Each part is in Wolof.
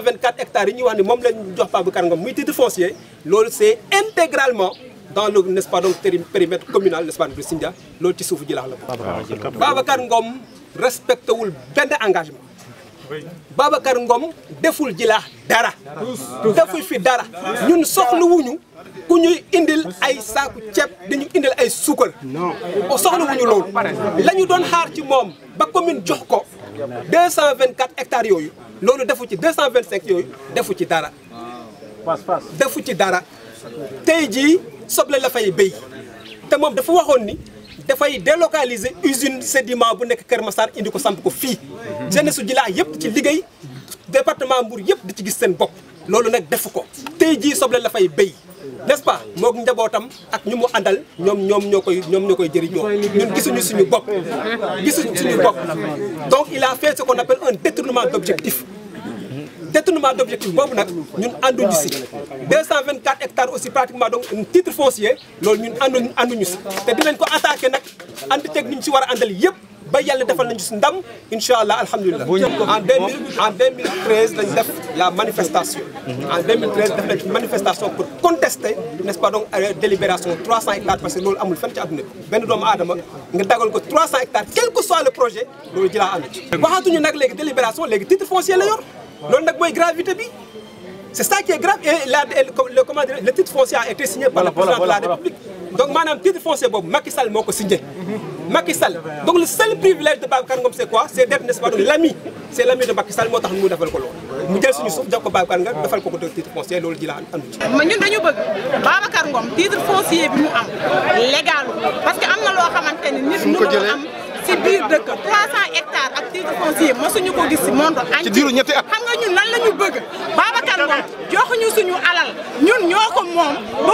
24 hectares nous avons mom ni moom lañ jox foncier c'est intégralement dans le nest pas donc périmètre communal n'est-ce pas de Sindia ci la Ngom engagement Babacar Ngom dara dara ñun ku ñuy indil ay nous Nous dañu indil ay soxlu wuñu xaar ci ba commune jox ko 224 hectares yoyu lolu defu ci 225 yoyu defu ci dara. defu ci dara tey ji soble la fay béy te mom dafa waxone ni fay délocaliser usine sédiment bu nek kermassar indi ko samp ko fi jeunesse su Jilaa yëpp ci liggéey département Mbour yep, di ci gis sen bopp lolu nak defu ko tey jii soble la fay béy n'est-ce pas mok njabootam ak ñu mu ñom ñom ñokoy ñom ñokoy ñoom ñun gisuñu suñu bopp gisuñu suñu donc il a fait ce qu'on appelle un détournement d'objectif détournement d'objectif boobu nak ñun ñu ci 224 hectares aussi pratiquement donc un titre foncier lool ñun andu ñu ci té dinañ ko attaquer nak ànd ñu ci wara andal yépp ba yalla defal nañu si ndam inshallah alhamdullilah alhamdulilah. en 2013 en 2013, lañ def la manifestation. en 2013, def manifestation pour contester n'est-ce pas donc euh, délibération trois hectares parce que lolu amul fenn ci àdduna ben benn adama nga dagal ko trois hectares quel que soit le projet lolu jila ànd ci. waxaatuñu nag léegi délibération légui titre foncier la yor lolu nak moy gravité bi. C'est ça qui est grave. Et la, le, le, le, titre foncier a été signé par voilà, le président voilà, de la voilà, République donc maanaam titre foncier boobu Macky Sall moko ko signé. Macky Sall donc le seul privilège de Babacar Ngom c'est quoi c'est d'être n'est-ce pas donc l'ami c'est l'ami de Macky Sall motax tax défal ko lool. mu jël suñu suuf jox ko Babacar Ngom défal ko ko titre foncier loolu ji la am ci. ñun dañu bëgg Babacar Ngom titre foncier bi mu am légal parce que amna lo xamanteni xamante ni nit mu am. ci biir dëkk 300 hectares ak titre foncier mosuñu ko gis ci monde entier. ci diiru ñetti at xam nga ñun lan lañu bëgg Babacar Ngom joxuñu suñu alal ñun ñoko mom moom.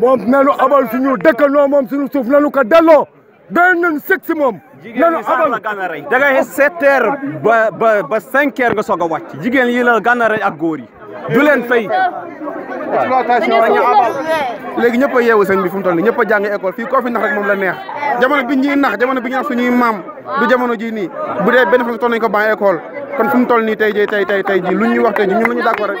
mom nanu abal suñu no mom suñu suuf nanu ko delloo doy nañu sëg mom moom. abal da ngay sept heures ba ba ba cinq heures nga soga wacc jigen yi la gànnaar rey ak goor yi du len fay. léegi ñepp a yeewu sëñ bi fu mu toll nii jàng école fi ko fi nax rek mom la neex jamono bi ñi nax jamono bi ñuy nax suñuy maam du jamono ji ni bu dee benn fan toll nañ ko ba école kon fu mu toll ni tay tay tay luñ wax tay ñu d'accord